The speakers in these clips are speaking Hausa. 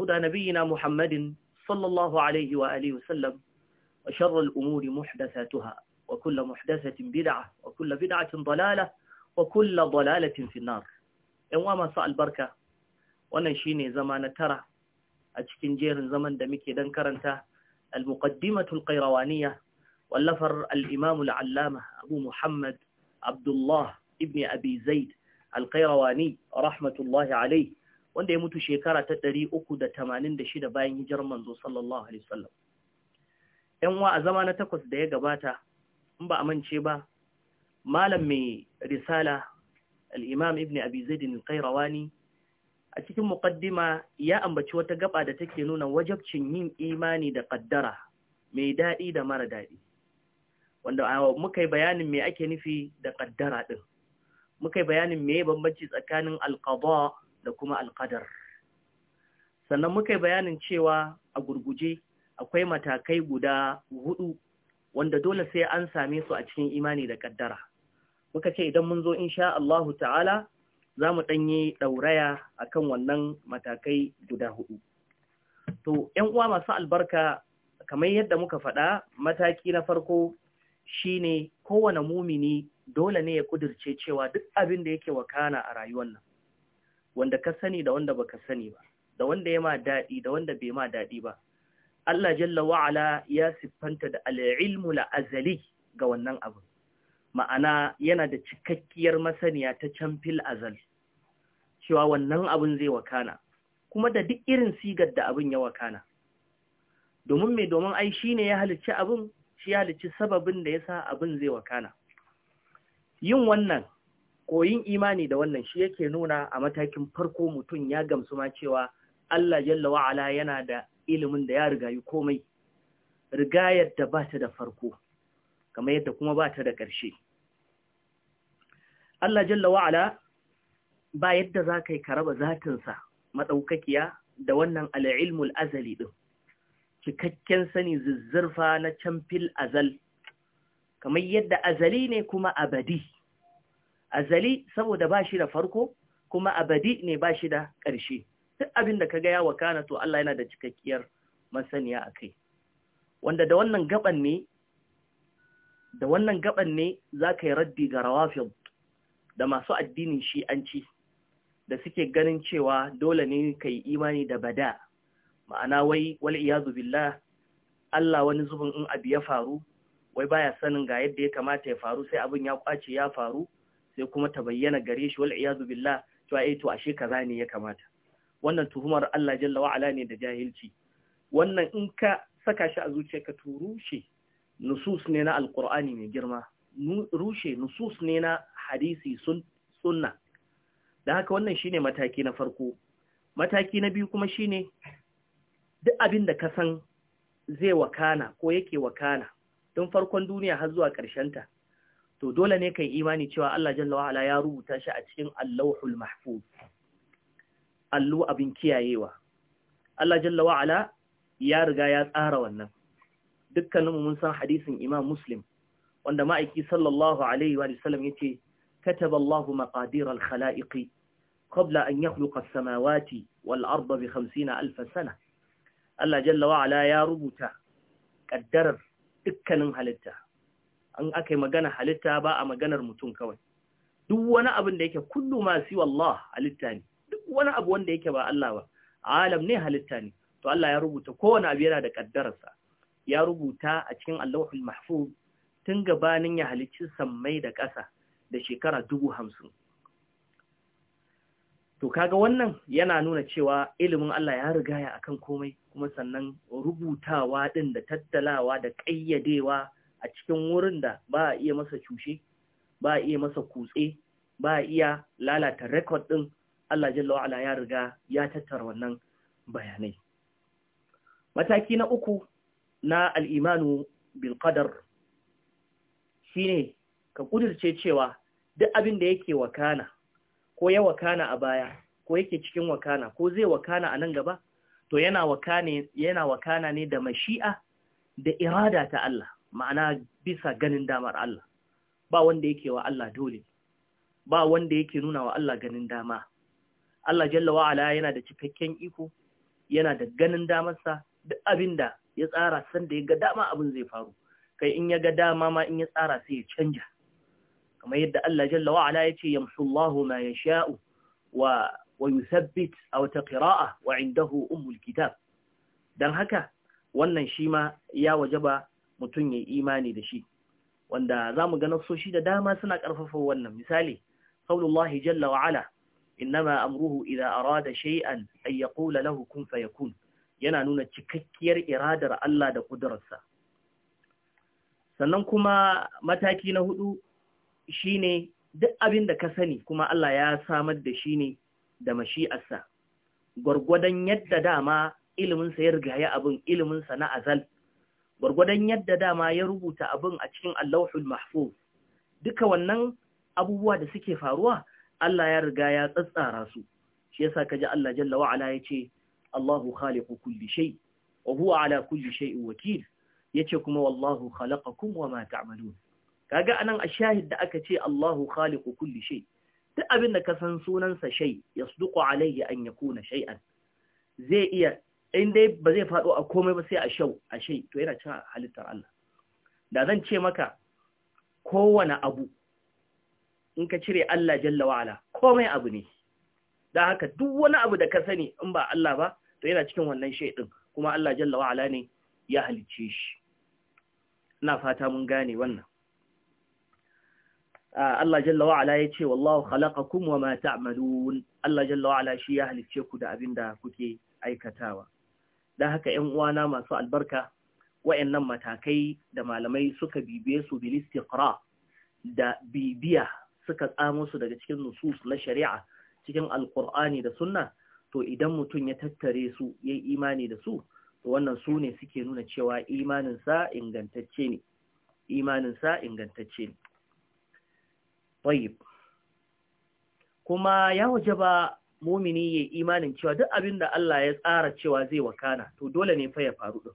هدى نبينا محمد صلى الله عليه وآله وسلم وشر الأمور محدثاتها وكل محدثة بدعة وكل بدعة ضلالة وكل ضلالة في النار إنواما بركة وانا شيني زمان ترى أتشكين جيرن زمن دميكي دنكرنتا المقدمة القيروانية واللفر الإمام العلامة أبو محمد عبد الله ابن أبي زيد القيرواني رحمة الله عليه wanda ya mutu shekara ta 386 bayan hijirar manzo sallallahu alaihi wasallam ɗan wa a zama na takwas da ya gabata in ba a mance ba malam mai risala al-imam ibn abi zaid al-qayrawani a cikin muqaddima ya ambaci wata gaba da take nuna wajabcin yin imani da qaddara mai daɗi da mara daɗi. wanda muka yi bayanin me ake nufi da qaddara din muka yi bayanin me bambanci tsakanin al-qada da kuma alƙadar. Sannan muka yi bayanin cewa a gurguje akwai matakai guda hudu wanda dole sai an same su a cikin imani da ƙaddara. Muka ce idan mun zo insha Allahu ta'ala za mu ɗanyi ɗauraya a kan wannan matakai guda hudu. To, ‘yan uwa masu albarka, kamar yadda muka faɗa, mataki na farko shi ne kowane mumini dole ne ya kudirce cewa duk abin da yake wakana a rayuwar nan. wanda ka sani da wanda baka sani ba da wanda ya ma daɗi da wanda bai ma daɗi ba Allah jalla wa'ala ya siffanta da al'ilmu la'azali ga wannan abu ma'ana yana da cikakkiyar masaniya ta camfil azal cewa wannan abin zai wakana kuma da duk irin sigar da abin ya wakana domin mai domin ai shi ne ya halicci abin shi ya halicci sababin da ya sa abin zai wakana yin wannan koyin imani da wannan shi yake nuna a matakin farko mutum ya gamsu ma cewa Allah jalla wa'ala yana da ilimin da ya rigayi komai rigayar da ba ta da farko kamar yadda kuma ba ta da ƙarshe Allah jalla wa'ala ba yadda za ka yi karaba zatinsa maɗaukakiya da wannan al'ilmul azali ɗin cikakken sani zizzurfa na camfil azal kamar yadda azali ne kuma abadi azali saboda ba shi da farko kuma abadi ne ba shi da ƙarshe duk abin da ka ga ya wakana to Allah yana da cikakkiyar masaniya a kai wanda da wannan gaban ne da wannan gaban ne za ka yi raddi ga rawafin da masu addinin shi'anci da suke ganin cewa dole ne ka yi imani da bada ma'ana wai wal iyazu billah Allah wani zubin in abu ya faru wai baya sanin ga yadda ya kamata ya faru sai abin ya kwace ya faru sai kuma ta bayyana gare shi wal iyazu billah cewa eh to ashe kaza ne ya kamata wannan tuhumar Allah jalla wa ala ne da jahilci wannan in ka saka shi a zuciyarka to rushe nusus ne na alqur'ani mai girma rushe nusus ne na hadisi sun sunna da haka wannan shine mataki na farko mataki na biyu kuma shine duk abin da ka san zai wakana ko yake wakana Tun farkon duniya har zuwa karshen ta. to dole ne ka yi imani cewa Allah jalla wa'ala ya rubuta shi a cikin Allahul Mahfuz allo abin kiyayewa Allah jalla wa'ala ya riga ya tsara wannan dukkaninmu mun san hadisin Imam Muslim wanda ma'aiki sallallahu alaihi wa sallam yace kataballahu maqadir al-khalaiqi qabla an yakhluqa as-samawati wal-arda bi 50000 sana Allah jalla wa'ala ya rubuta ƙaddarar dukkanin halitta an aka yi magana halitta ba a maganar mutum kawai duk wani abin da yake kullu ma yi Allah halitta ne duk wani abu wanda yake ba Allah ba alam ne halitta ne to Allah ya rubuta kowane abu yana da kaddararsa ya rubuta a cikin Allahul Mahfuz tun gabanin ya halicci sammai da ƙasa da shekara dubu hamsin. To kaga wannan yana nuna cewa ilimin Allah ya rigaya akan komai kuma sannan rubutawa ɗin da tattalawa da ƙayyadewa a cikin wurin da ba a iya masa cushe ba a iya masa kutse ba a iya lalata rekod ɗin Allah jalla wa'ala ya riga ya tattara wannan bayanai mataki na uku na al'imanu bilkadar shi ne ka ƙudirce cewa duk abin da yake wakana ko ya wakana a baya ko yake cikin wakana ko zai wakana a nan gaba to yana wakana ne da mashi'a da irada ta Allah ma'ana bisa ganin damar Allah ba wanda yake wa Allah dole ba wanda yake nuna wa Allah ganin dama Allah jalla wa ala yana da cikakken iko yana da ganin damarsa duk abinda ya tsara san da ya ga dama abin zai faru kai in ya ga dama ma in ya tsara sai ya canja kamar yadda Allah jalla wa ala yace yamhullahu ma yasha'u wa wa yuthabbit aw taqra'a wa indahu ummul kitab dan haka wannan shi ma ya wajaba mutum ya imani da shi wanda za mu ga nafsoshi da dama suna ƙarfafa wannan misali qaulullahi jalla wa ala innama amruhu idza arada shay'an ay yaqula lahu kun fayakun yana nuna cikakkiyar iradar Allah da kudurarsa sannan kuma mataki na hudu shine duk abin da ka sani kuma Allah ya samar da shi ne da mashi'arsa gwargwadon yadda dama iliminsa ya rigaya abin iliminsa na azal gwargwadon yadda dama ya rubuta abin a cikin Allahul Mahfuz duka wannan abubuwa da suke faruwa Allah ya riga ya tsatsara su shi yasa kaji Allah jalla wa ala yace Allahu khaliqu kulli shay wa huwa ala kulli shay'in wakil yace kuma wallahu khalaqakum wa ma ta'malun kaga anan ashahid da aka ce Allahu khaliqu kulli shay duk abin da ka san sunansa shay yasduqu alayhi an yakuna shay'an zai iya in dai ba zai faɗo a komai ba sai a shau a shai to yana cin halittar Allah da zan ce maka kowane abu in ka cire Allah jalla wa'ala komai abu ne da haka duk wani abu da ka sani in ba Allah ba to yana cikin wannan shai din kuma Allah jalla wa'ala ne ya halicce shi ina fata mun gane wannan ah, Allah jalla wa'ala ya ce wallahu khalaqakum wama ta'malun Allah jalla wa'ala shi ya halicce ku da abinda kuke aikatawa don haka ‘yan uwana masu albarka wa'yannan matakai da malamai suka bibiye su bilistiqra da bibiya suka tsamo su daga cikin nusus na shari'a cikin alkur'ani da sunna to idan mutum ya tattare su ya yi imani da su to wannan su ne suke nuna cewa imaninsa ingantacce ne imaninsa ingantacce ne kuma ya waje ba mumini ya imanin cewa duk abin da Allah ya tsara cewa zai wakana to dole ne fa ya faru din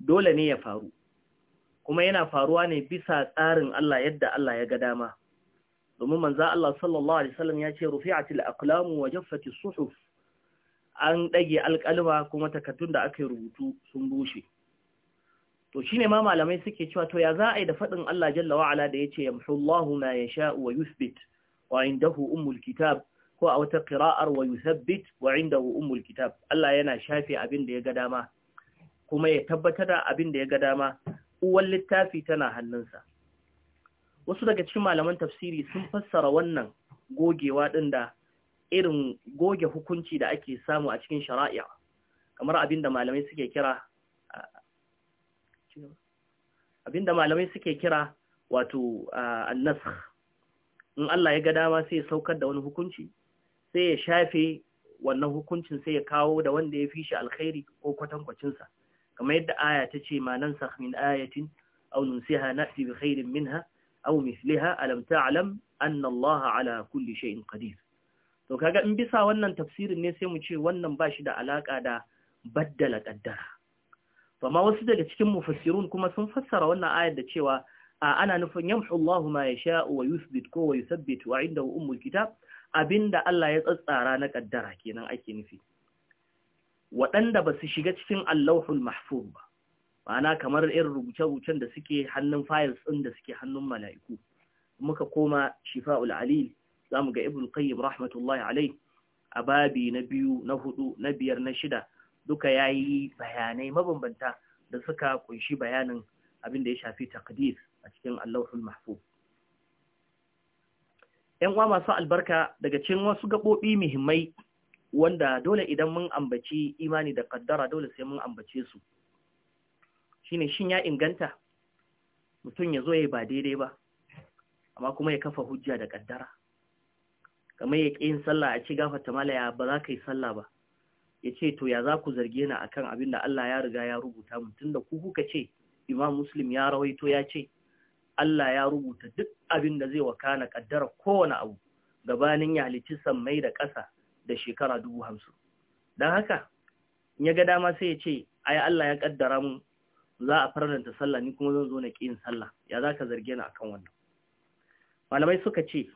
dole ne ya faru kuma yana faruwa ne bisa tsarin Allah yadda Allah ya ga dama domin manzo Allah sallallahu alaihi wasallam ya ce rufi'atil aqlamu wa jaffatis suhuf an dage alƙalma kuma takattun da aka rubutu sun bushe to shine ma malamai suke cewa to ya za a yi da faɗin Allah jalla wa ya da yace na ya yasha wa yuthbit wa indahu ummul kitab ko a wata qira'ar wa yuthabbit wa indahu umul kitab Allah yana shafe abin da ya ga dama kuma ya tabbatar da abin da ya ga dama uwan littafi tana hannunsa wasu daga cikin malaman tafsiri sun fassara wannan gogewa din da irin goge hukunci da ake samu a cikin shari'a kamar abin da malamai suke kira abin malamai suke kira wato annas in Allah ya ga dama sai ya saukar da wani hukunci sai ya shafe wannan hukuncin sai ya kawo da wanda ya fi shi alkhairi ko kwatankwacinsa kamar yadda aya ta ce ma nan sahmin ayatin aw nunsiha na'ti bi khairin minha aw misliha alam ta'lam anna Allah ala kulli shay'in qadir to kaga in bisa wannan tafsirin ne sai mu ce wannan ba shi da alaka da baddala qaddara to amma wasu daga cikin mufassirun kuma sun fassara wannan ayar da cewa a ana nufin yamhu Allah ma yasha wa yuthbit ko wa yuthbit wa indahu ummul kitab abinda Allah ya tsatsara na kaddara kenan ake nufi waɗanda ba su shiga cikin Allahul Mahfuz ba ma'ana kamar irin rubuce-rubucen da suke hannun files ɗin da suke hannun mala'iku muka koma Shifa'ul Alil zamu ga Ibn Qayyim rahmatullahi alai a babi na biyu na hudu na biyar na shida duka ya yi bayanai mabambanta da suka kunshi bayanin abin da ya shafi takdir a cikin Allahul Mahfuz ‘yan uwa masu albarka daga cikin wasu gaɓoɓi muhimmai wanda dole idan mun ambaci imani da kaddara dole sai mun ambace su shine shin ya inganta mutum ya zo ya ba daidai ba amma kuma ya kafa hujja da kaddara kamar ya yin sallah a ci ta malaya ba za ka yi sallah ba ya ce to ya za ku zarge ni akan abin da Allah ya riga ya rubuta mu tunda ku kuka ce imam muslim ya rawaito ya ce Allah ya rubuta duk abin da zai wakana kaddara kowane abu gabanin ya halicci sammai da ƙasa da shekara dubu hamsin. Don haka, in ya ga dama sai ya ce, ai Allah ya kaddara mu, za a faranta sallah ni kuma zan zo na ƙin sallah, ya za ka zarge ni akan wannan. Malamai suka ce,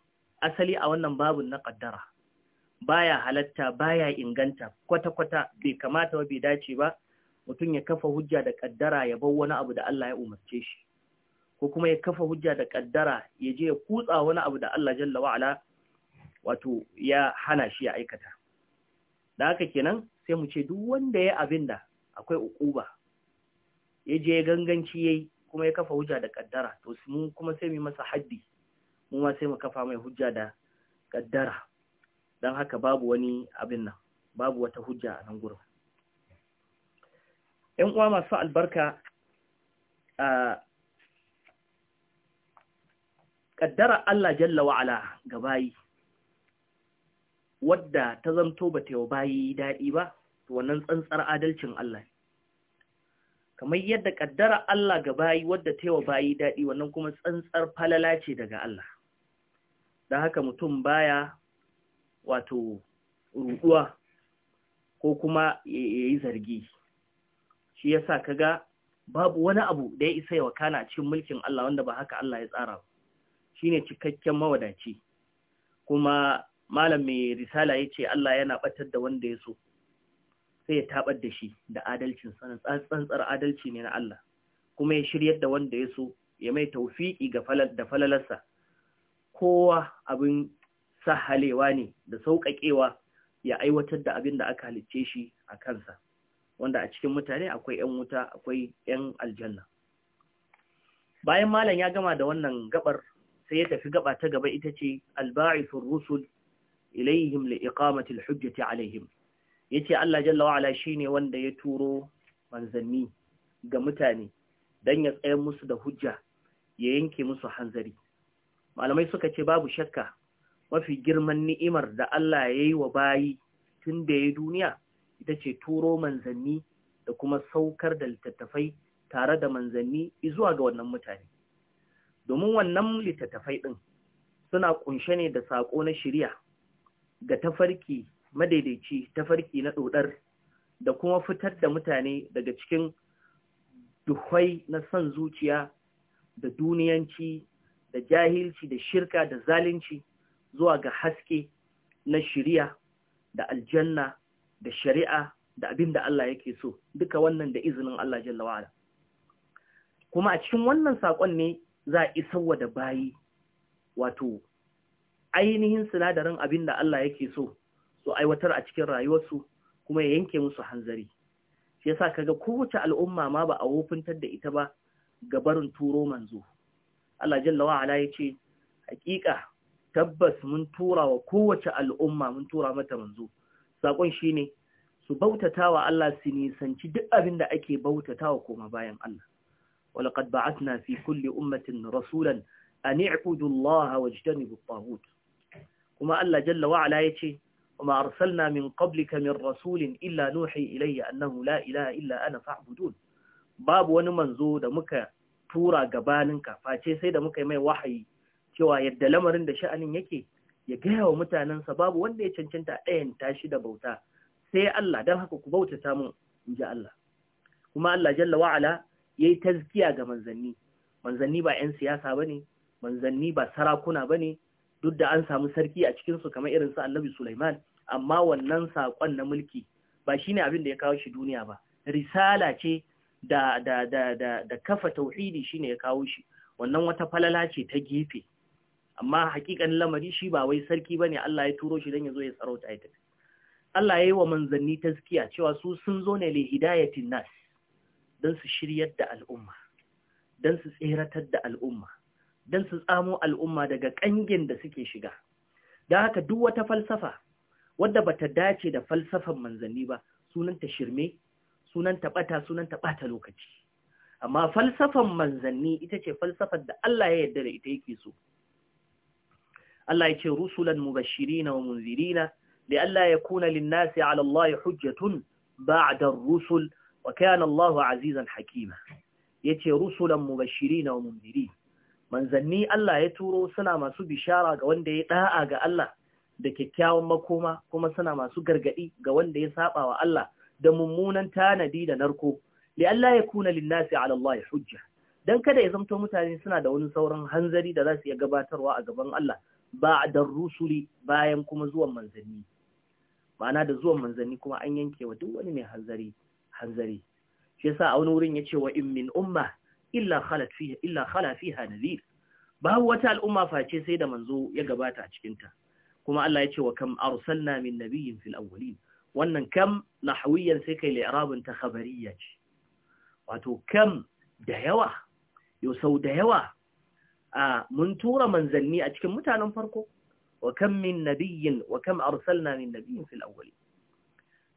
asali a wannan babun na kaddara, baya halatta, baya inganta, kwata-kwata bai kamata ba bai dace ba, mutum ya kafa hujja da kaddara ya bar wani abu da Allah ya umarce shi. ko kuma ya kafa hujja da kaddara ya je ya kutsa wani abu da Allah jalla wa'ala wato ya hana shi ya aikata da haka kenan sai mu ce duk wanda ya abin da akwai ukuba ya je ganganci yayi kuma ya kafa hujja da kaddara to mu kuma sai mu masa haddi mu ma sai mu kafa mai hujja da kaddara dan haka babu wani abin nan babu wata hujja a nan gurin ‘yan uwa masu albarka a. kaddara Allah jalla wa'ala ga bayi wadda ta zamto ba ta yi bayi daɗi ba to wannan tsantsar adalcin Allah kamar yadda kaddara Allah ga bayi wadda ta yi bayi daɗi wannan kuma tsantsar falala ce daga Allah Da haka mutum baya wato ruɗuwa ko kuma ya yi zargi shi yasa kaga babu wani abu da ya isa ya wakana cikin mulkin Allah wanda ba haka Allah ya tsara ba shine cikakken mawadaci kuma malam mai risala ya ce Allah yana batar da wanda ya so sai ya tabar da shi da adalcin sanin tsantsar adalci ne na Allah kuma ya shiryar da wanda ya so ya mai taufiƙi ga da falalarsa kowa abin sahalewa ne da sauƙaƙewa ya aiwatar da abin da aka halicce shi a kansa wanda a cikin mutane akwai 'yan wuta akwai 'yan aljanna bayan malam ya gama da wannan gabar sai ya tafi gaba ta gaba ita ce alba'isun rusul ilayhim li iqamati alhujjati alaihim yace Allah jalla wa ala shine wanda ya turo manzanni ga mutane dan ya tsaya musu da hujja ya yanke musu hanzari malamai suka ce babu shakka mafi girman ni'imar da Allah ya yi wa bayi tun da ya duniya ita ce turo manzanni da kuma saukar da littattafai tare da manzanni zuwa ga wannan mutane domin wannan littattafai ɗin suna kunshe ne da saƙo na shirya ga tafarki madaidaici tafarki na ɗodar da kuma fitar da mutane daga cikin duhwai na son zuciya da duniyanci da jahilci da shirka da zalunci zuwa ga haske na shirya da aljanna da shari'a da abin da Allah yake so duka wannan da izinin Allah jalla wa'ala kuma a cikin wannan saƙon ne za a isa da bayi wato ainihin sinadarin abin da Allah yake so su aiwatar a cikin rayuwarsu kuma ya yanke musu hanzari shi yasa kaga kowace al'umma ma ba a wofintar da ita ba ga barin turo manzo Allah jalla wa ala yace hakika tabbas mun tura wa kowace al'umma mun tura mata manzo sakon shine su bautatawa Allah su nisanci duk abin da ake bautatawa koma bayan Allah ولقد بعثنا في كل أمة رسولا أن اعبدوا الله واجتنبوا الطاغوت كما الله جل وعلا يتي وما أرسلنا من قبلك من رسول إلا نوحي إلي أنه لا إله إلا أنا فاعبدون باب ونمن زود مكا tura gabaninka face sai da muka yi mai wahayi cewa yadda lamarin da sha'anin yake ya gaya wa mutanensa babu wanda ya cancanta ɗayan tashi da bauta sai Allah don haka ku bautata mun ji Allah kuma Allah jalla ya Yi tazkiya ga manzanni manzanni ba 'yan siyasa bane manzanni ba sarakuna bane duk da an samu sarki a cikin su kamar irin su Annabi Sulaiman amma wannan saƙon na mulki ba shine abin da ya kawo shi duniya ba risala ce da kafa tauhidi shine ya kawo shi wannan wata falala ce ta gefe amma hakikan lamari shi ba wai sarki ba ne. Allah ya turo shi don ya zo ya sarauta tafi Allah ya yi wa manzanni tazkiya cewa su sun zo ne le hidayatin nas don su shiryar da al'umma don su tseratar da al'umma don su tsamo al'umma daga ƙangin da suke shiga da haka duk wata falsafa wadda bata dace da falsafan manzanni ba sunanta shirme sunanta bata sunanta ɓata lokaci amma falsafan manzanni ita ce falsafar da Allah ya yarda da ita yake so Allah ya ce rusulan mubashirina wa munzirina li alla yakuna lin-nasi 'ala Allah hujjatun ba'da rusul wa kana Allahu azizan hakima Ya ce rusulan mu mubashirin na mundiri manzanni Allah ya turo suna masu bishara ga wanda ya da'a ga Allah da kyakkyawan makoma kuma suna masu gargaɗi ga wanda ya saɓa wa Allah da mummunan tanadi da narko li Allah ya kuna linnasi ala Allah hujja dan kada ya zamto mutane suna da wani sauran hanzari da za su iya gabatarwa a gaban Allah ba dan rusuli bayan kuma zuwan manzanni ma'ana da zuwan manzanni kuma an yanke wa duk wani mai hanzari hanzari shi yasa a wani wurin yace wa in min umma illa khalat fiha illa khala fiha nadhir babu wata al'umma face sai da manzo ya gabata a cikin ta kuma Allah yace wa kam arsalna min nabiyyin fil awwalin wannan kam nahwiyan sai kai li'rabin ta khabariyya ce wato kam da yawa yau sau da yawa a mun tura manzanni a cikin mutanen farko wa kam min nabiyyin wa kam arsalna min nabiyyin fil awwalin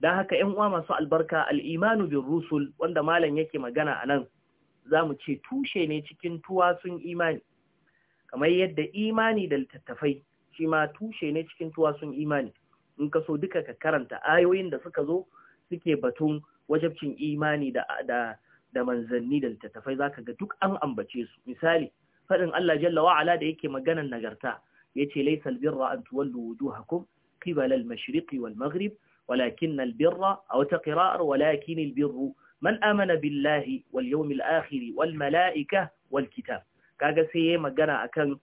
dan haka 'yan uwa masu albarka al-imanu rusul wanda malam yake magana anan zamu ce tushe ne cikin tuwasun imani kamar yadda imani da littattafai shi ma tushe ne cikin tuwasun imani in ka so duka ka karanta ayoyin da suka zo suke batun wajabcin imani da da da manzanni da littattafai zaka ga duk an ambace su misali faɗin Allah jalla wa ala da yake maganar nagarta yace laysal birra an tuwallu wujuhakum qibala al-mashriqi wal maghrib walakin albirra a wata qira'ar walakin birru, man amana billahi wal yawmil akhir wal mala'ika wal kitab kaga sai yayi magana akan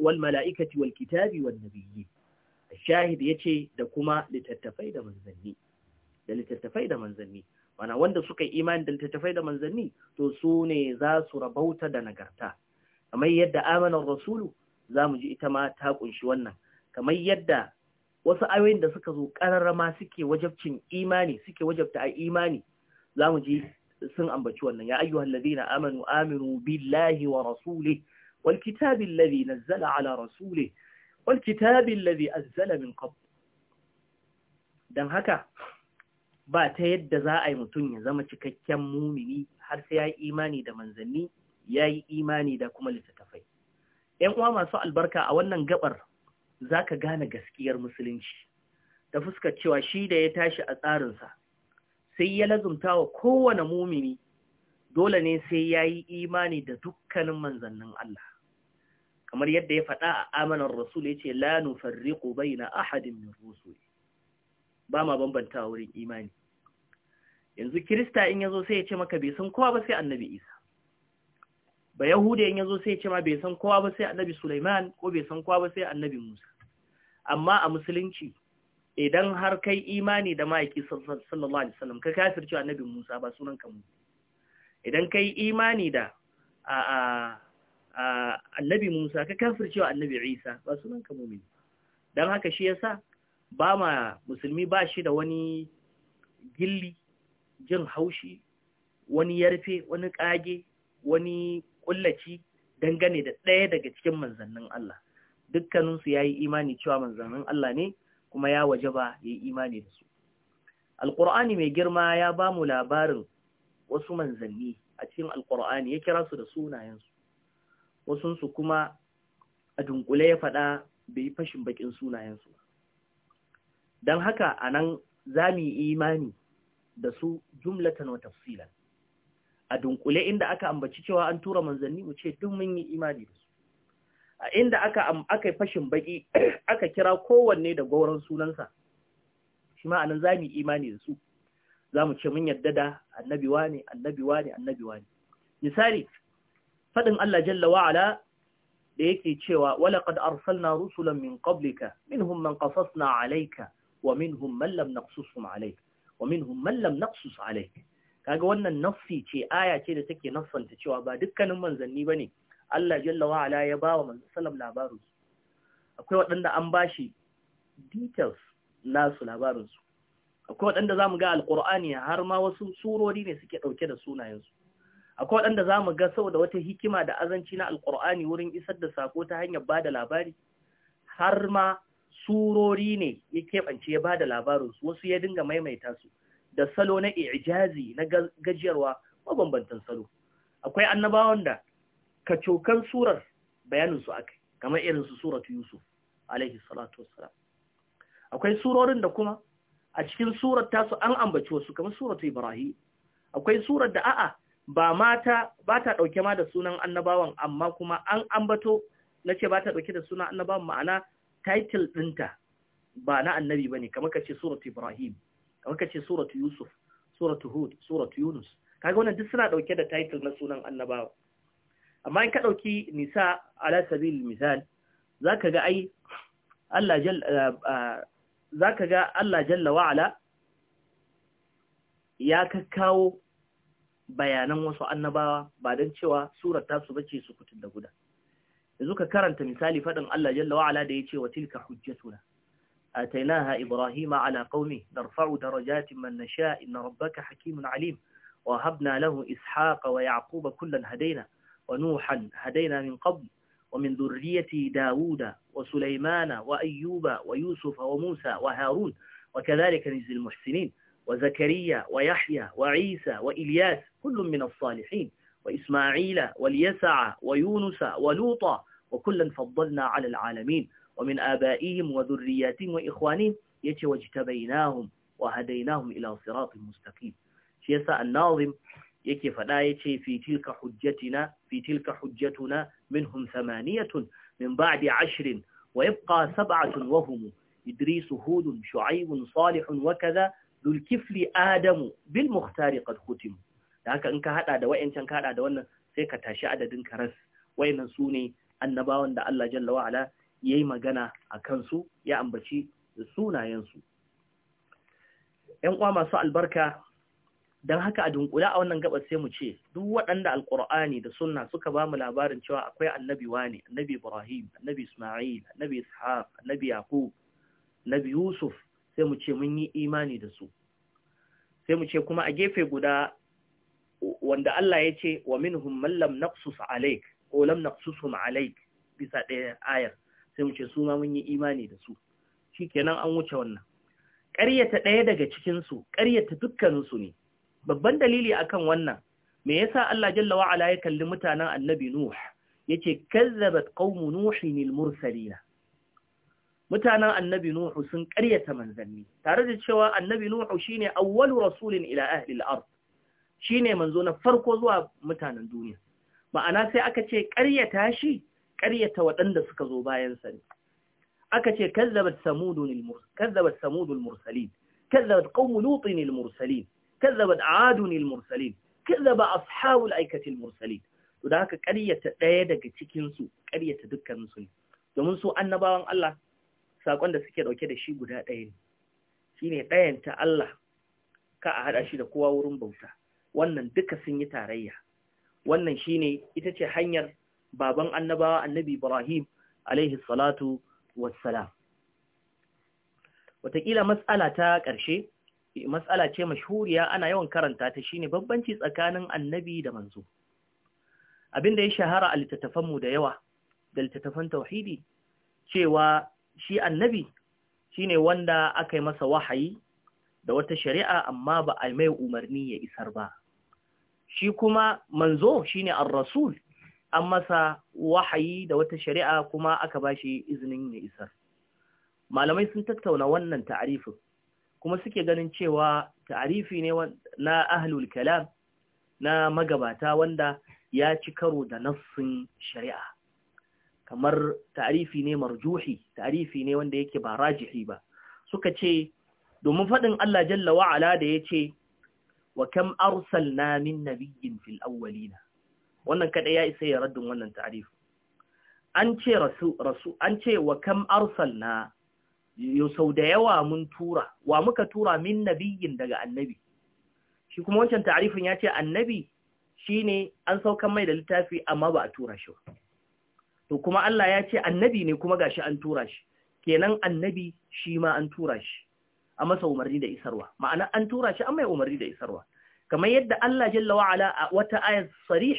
wal mala'ikati wal kitabi wan nabiyyi shahid yace da kuma litattafai da manzanni da litattafai da manzanni mana wanda suka yi imani da littattafai da manzanni to su ne za su rabauta da nagarta kamar yadda amanar rasulu za mu je ita ma ta kunshi wannan kamar yadda wasu ayoyin da suka zo ƙararrama suke wajabcin imani suke wajabta a imani za mu ji sun ambaci wannan ya ayyuhal ladina amanu aminu billahi wa rasuli wal kitabi alladhi nazzala ala rasuli wal kitabi alladhi anzala min qabl dan haka ba ta yadda za a yi mutum ya zama cikakken mumini har sai ya yi imani da manzanni ya yi imani da kuma littattafai ‘yan uwa masu albarka a wannan gabar za ka gane gaskiyar musulunci ta fuskar cewa shi da ya tashi a tsarinsa sai ya lazumta wa kowane mumini dole ne sai ya yi imani da dukkanin manzannin Allah kamar yadda ya faɗa a amanar rasul ya ce la nufarriqu baina ahadin min rusul ba ma bambanta wurin imani yanzu kirista in yazo sai ya ce maka bai san kowa ba sai annabi isa ba yahuda in yazo sai ya ce ma bai san kowa ba sai annabi sulaiman ko bai san kowa ba sai annabi musa amma a musulunci idan har kai imani da ma'aiki sallallahu alaihi wasallam ka cewa annabi Musa ba sunan ka mu idan kai imani da a annabi Musa ka cewa annabi Isa ba sunan ka mu'min dan haka shi yasa ba ma musulmi ba shi da wani gilli jin haushi wani yarfe wani kage wani kullaci dangane da ɗaya daga cikin manzannin Allah dukkaninsu ya yi imani cewa manzannin Allah ne kuma ya waje ya yi imani da su. Alƙur'ani mai girma ya ba mu labarin wasu manzanni a cikin Alƙur'ani ya kira su da sunayensu, wasunsu kuma a dunkule ya faɗa bai yi fashin baƙin sunayensu. Don haka a nan za mu yi imani da su jumlatan wa tafsilan. A dunkule inda aka ambaci cewa an tura manzanni mu ce duk mun yi imani da su. a inda aka aka fashin baki aka kira kowanne da gauran sunansa shi ma anan zamu imani da su zamu ce mun yadda da annabi wani annabi wani annabi wani misali fadin Allah jalla wa ala da yake cewa walaqad arsalna rusulan min qablika minhum man qasasna alayka wa minhum man lam naqsusum alayka wa minhum man lam naqsus alayka kaga wannan nafsi ce aya ce da take nassanta cewa ba dukkanin manzanni bane Allah jalla wa ala ya bawa manzo sallam labarin su akwai waɗanda an bashi details nasu labarin su akwai waɗanda zamu ga alqur'ani har ma wasu surori ne suke dauke da sunayen su akwai waɗanda zamu ga saboda wata hikima da azanci na alqur'ani wurin isar da sako ta hanyar bada labari har ma surori ne ya keɓance ya ba da labarinsu wasu ya dinga maimaita su da salo na ijazi na gajiyarwa mabambantan salo akwai annabawan da kacokan surar bayaninsu aka kamar irin su suratu yusuf alaihi salatu wassalam akwai surorin da kuma a cikin surar tasu an ambaci wasu kamar suratu ibrahim akwai surar da a'a ba mata ba ta dauke ma da sunan annabawan amma kuma an ambato na ce ba ta dauke da sunan annabawan ma'ana title dinta ba na annabi bane kamar kace suratu ibrahim kamar kace suratu yusuf suratu hud suratu yunus kaga wannan duk suna dauke da title na sunan annabawa amma in ka ɗauki nisa ala sabil misal za ka ga ai Allah jalla eh, eh, wa'ala ya kakkawo bayanan wasu annabawa ba don cewa surar tasu bace su kutun da guda yanzu ka karanta misali faɗin Allah jalla wa'ala da ya ce wa tilka hujjatuna atainaha ibrahima ala da narfa'u darajatin man nasha inna rabbaka hakimun alim wa habna lahu ishaqa wa yaquba kullun hadaina ونوحا هدينا من قبل ومن ذرية داود وسليمان وأيوب ويوسف وموسى وهارون وكذلك نجزي المحسنين وزكريا ويحيى وعيسى وإلياس كل من الصالحين وإسماعيل واليسع ويونس ولوطا وكلا فضلنا على العالمين ومن آبائهم وذرياتهم وإخوانهم يتي واجتبيناهم وهديناهم إلى صراط مستقيم شيسا الناظم yake faɗa ya ce fitilka hujjatuna minhum thamaniyatun min ba'di ashirin. wa yabqa sab'atun wa hum idris hud shu'aib salih wa kaza dul kifli adam bil mukhtar qad khutim da haka in ka haɗa da wayancan ka hada da wannan sai ka tashi adadin karas wayannan sune annabawan da Allah jalla wa ala yayi magana a su ya ambaci sunayensu yan uwa masu albarka don haka a dunkula a wannan gabar sai mu ce duk waɗanda alkur'ani da sunna suka ba mu labarin cewa akwai annabi wani annabi ibrahim annabi isma'il annabi ishaq annabi yaqub annabi yusuf sai mu ce mun yi imani da su sai mu ce kuma a gefe guda wanda Allah ya ce wa minhum man lam naqsus alayk ko lam naqsusum alayk bisa ɗaya ayar sai mu ce su ma mun yi imani da su shikenan an wuce wannan ƙaryata ɗaya daga cikin su ƙaryata dukkanin su ne babban dalili akan wannan me yasa Allah jalla wa ala ya kalli mutanen annabi nuh yace kazzabat qaumu nuhin al mutanen annabi nuh sun ƙaryata manzanni tare da cewa annabi nuh shine awwalu rasulin ila ahli al ard shine manzo na farko zuwa mutanen duniya ma'ana sai aka ce ƙaryata shi ƙaryata waɗanda suka zo bayan sa aka ce kazzabat samudun al mursalin kazzabat samudul mursalin kazzabat qaumu lutin al mursalin kazzabat adun al-mursalin kazzaba ashabul aikati al-mursalin to ɗaya daga cikin su ƙaryata dukkan su domin su annabawan Allah sakon da suke dauke da shi guda ɗaya ne shine ɗayan ta Allah ka a hada shi da kowa wurin bauta wannan duka sun yi tarayya wannan shine ita ce hanyar baban annabawa annabi Ibrahim alaihi salatu wassalam Wataƙila matsala ta ƙarshe matsala ce mashuriya ana yawan karanta ta shine bambanci tsakanin annabi da manzo abinda ya shahara a littattafan mu da yawa da littattafan tauhidi cewa shi annabi shine wanda aka yi masa wahayi da wata shari'a amma ba a mai umarni ya isar ba shi kuma manzo shine ar-rasul an masa wahayi da wata shari'a kuma aka bashi izinin ya isar malamai sun tattauna wannan ta'arifin kuma suke ganin cewa ta'arifi ne na ahlul kalam na magabata wanda ya ci karo da nassin shari'a kamar ta'arifi ne marjuhi ta'arifi ne wanda yake ba rajihi ba suka ce domin faɗin Allah jalla wa'ala da ya ce wa kam arsalna min nabiyyin fil awwalina wannan kada ya isa ya raddin wannan ta'arifi an ce rasu an ce wa kam arsalna sau da yawa mun tura wa muka tura min nabiyin daga annabi shi kuma wancan ta'arifin ya ce annabi shine an saukan mai da littafi amma ba a tura shi to kuma Allah ya ce annabi ne kuma gashi an tura shi kenan annabi shi ma an tura shi a masa umarni da isarwa ma'ana an tura shi an mai umarni da isarwa kamar yadda Allah jalla wa ala a wata ayat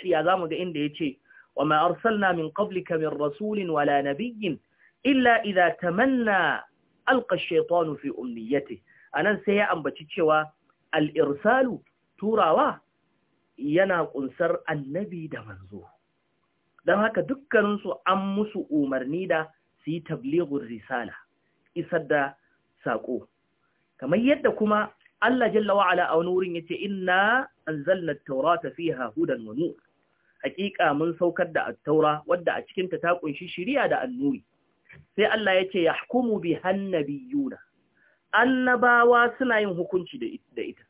ya zamu ga inda yace wa ma arsalna min qablika min rasulin wala nabiyyin illa idza tamanna alqa ash fi umniyate a anan sai ya ambaci cewa al-irsalu turawa yana kunsar annabi da manzo don haka dukkaninsu an musu umarni da su yi tablighur risala isar da saƙo kamar yadda kuma Allah jalla wa'ala a wani wurin yace inna anzan at-taurata fiha hudan wa nur hakika mun saukar da taura wadda a cikinta ta ta kunshi shiriya da annuri sai Allah ya ce ya hukumu bi hannabiyuna annabawa suna yin hukunci da ita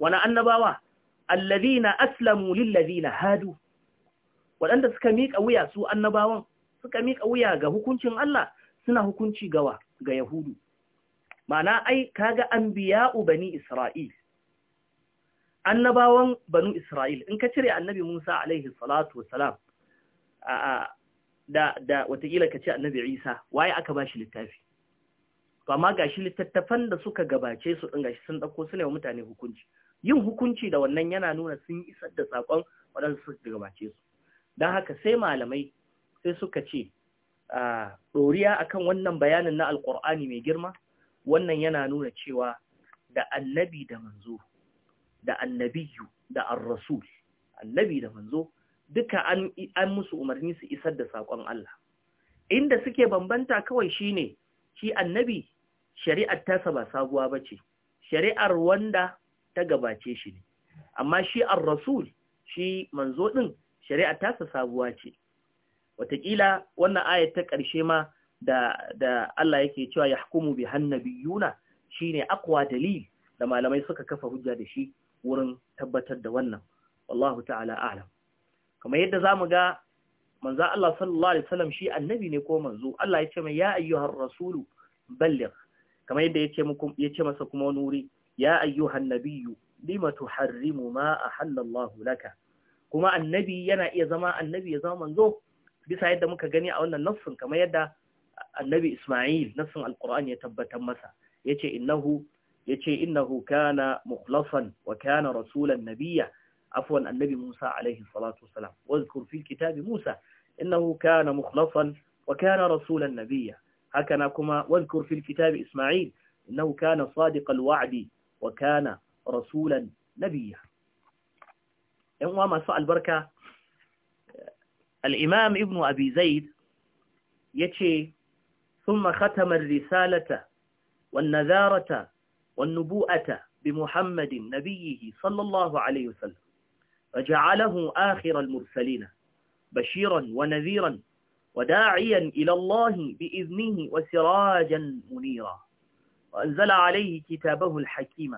wani annabawa allazina aslamu lillazina hadu waɗanda suka miƙa wuya su annabawan suka miƙa wuya ga hukuncin Allah suna hukunci gawa ga yahudu Mana ai kaga anbiya'u bani isra'il annabawan bani isra'il in ka cire annabi musa alaihi salatu wasalam da da watakila ka ce annabi Isa waye aka ba shi littafi to amma gashi littattafan da suka gabace su din gashi sun dauko su ne wa mutane hukunci yin hukunci da wannan yana nuna sun isar da sakon waɗansu suka gabace su don haka sai malamai sai suka ce a ɗoriya akan wannan bayanin na alƙur'ani mai girma wannan yana nuna cewa da annabi da manzo da annabiyu da ar-rasul annabi da manzo duka an musu umarni su isar da saƙon Allah inda suke bambanta kawai shine shi annabi shari'ar tasa ba sabuwa bace shari'ar wanda ta gabace shi ne amma shi ar-rasul shi manzo din shari'ar tasa sabuwa ce Wataƙila wannan ayat ta ƙarshe ma da da Allah yake cewa yahkumu bi hannabiyuna shine aqwa dalil da malamai suka kafa hujja da shi wurin tabbatar da wannan wallahu ta'ala a'lam kamar yadda za mu ga manzo Allah sallallahu alaihi wasallam shi annabi ne ko manzo Allah ya ce mai ya ayyuhar rasulu balligh kamar yadda yace ce masa kuma nuri ya ayyuhar Nabiyu. lima tuharrimu ma a hallallahu laka kuma annabi yana iya zama annabi ya zama manzo bisa yadda muka gani a wannan nassin kamar yadda annabi Isma'il nassin alqur'ani ya tabbatar masa yace innahu yace innahu kana mukhlasan wa kana rasulan nabiyya عفوا النبي موسى عليه الصلاة والسلام واذكر في الكتاب موسى إنه كان مخلصا وكان رسولا نبيا هكناكما واذكر في الكتاب إسماعيل إنه كان صادق الوعد وكان رسولا نبيا وما ما سأل بركة الإمام ابن أبي زيد يتشي ثم ختم الرسالة والنذارة والنبوءة بمحمد نبيه صلى الله عليه وسلم فجعله آخر المرسلين بشيرا ونذيرا وداعيا إلى الله بإذنه وسراجا منيرا وأنزل عليه كتابه الحكيم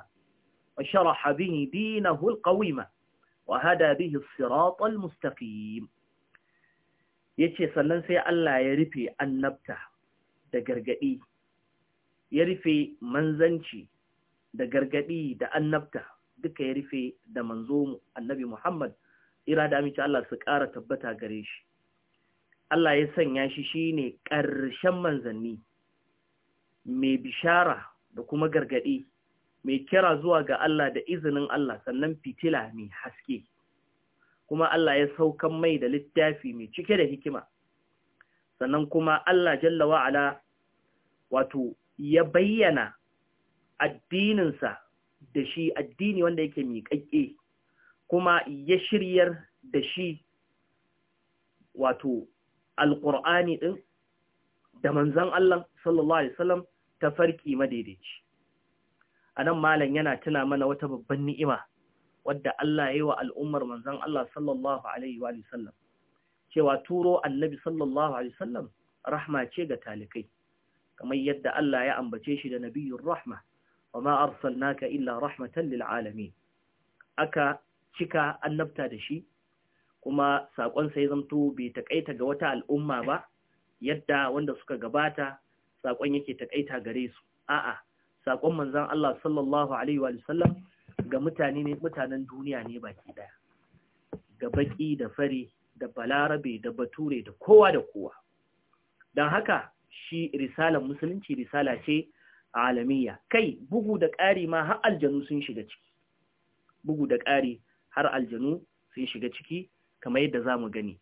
وشرح به دينه القويم وهدى به الصراط المستقيم يتي صلى الله عليه وسلم rufe لا يرفي gargadi دقرقئي rufe manzanci da gargadi دقرقئي duka ya rufe da manzo annabi Muhammad ira da ci Allah su ƙara tabbata gare shi Allah ya sanya shi shine ƙarshen manzanni mai bishara da kuma gargaɗi mai kira zuwa ga Allah da izinin Allah sannan fitila mai haske kuma Allah ya saukan mai da littafi mai cike da hikima sannan kuma Allah jalla wa'ala wato ya bayyana addininsa da shi addini wanda yake miƙaƙe kuma ya shiryar da shi wato alƙur'ani ɗin da manzan Allah sallallahu Alaihi wasallam ta farki madaidaici. A nan malam yana tuna mana wata babban ni'ima wadda Allah ya yi wa al'ummar manzan Allah sallallahu Alaihi wasallam, cewa turo annabi sallallahu Alaihi wasallam rahma ce ga talikai, kamar yadda Allah ya ambace shi da nabiyun rahma. wa ma arsalnaka illa rahmatan lil alamin aka cika annabta da shi kuma sakon sai zamto bai takaita ga wata al'umma ba yadda wanda suka gabata sakon yake takaita gare su a'a sakon manzon Allah sallallahu alaihi wa sallam ga mutane ne mutanen duniya ne baki daya ga baki da fari da balarabe da bature da kowa da kowa don haka shi risalar musulunci risala ce alamiya kai bugu da ƙari ma har aljanu sun shiga ciki bugu da ƙari har aljanu sun shiga ciki kamar yadda za mu gani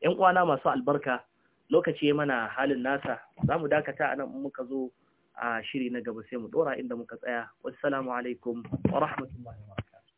‘yan kwana masu albarka lokaci mana halin nasa za mu dakata a nan muka zo a shiri na gaba sai mu ɗora inda muka tsaya wasu alaikum wa rahmatullahi wa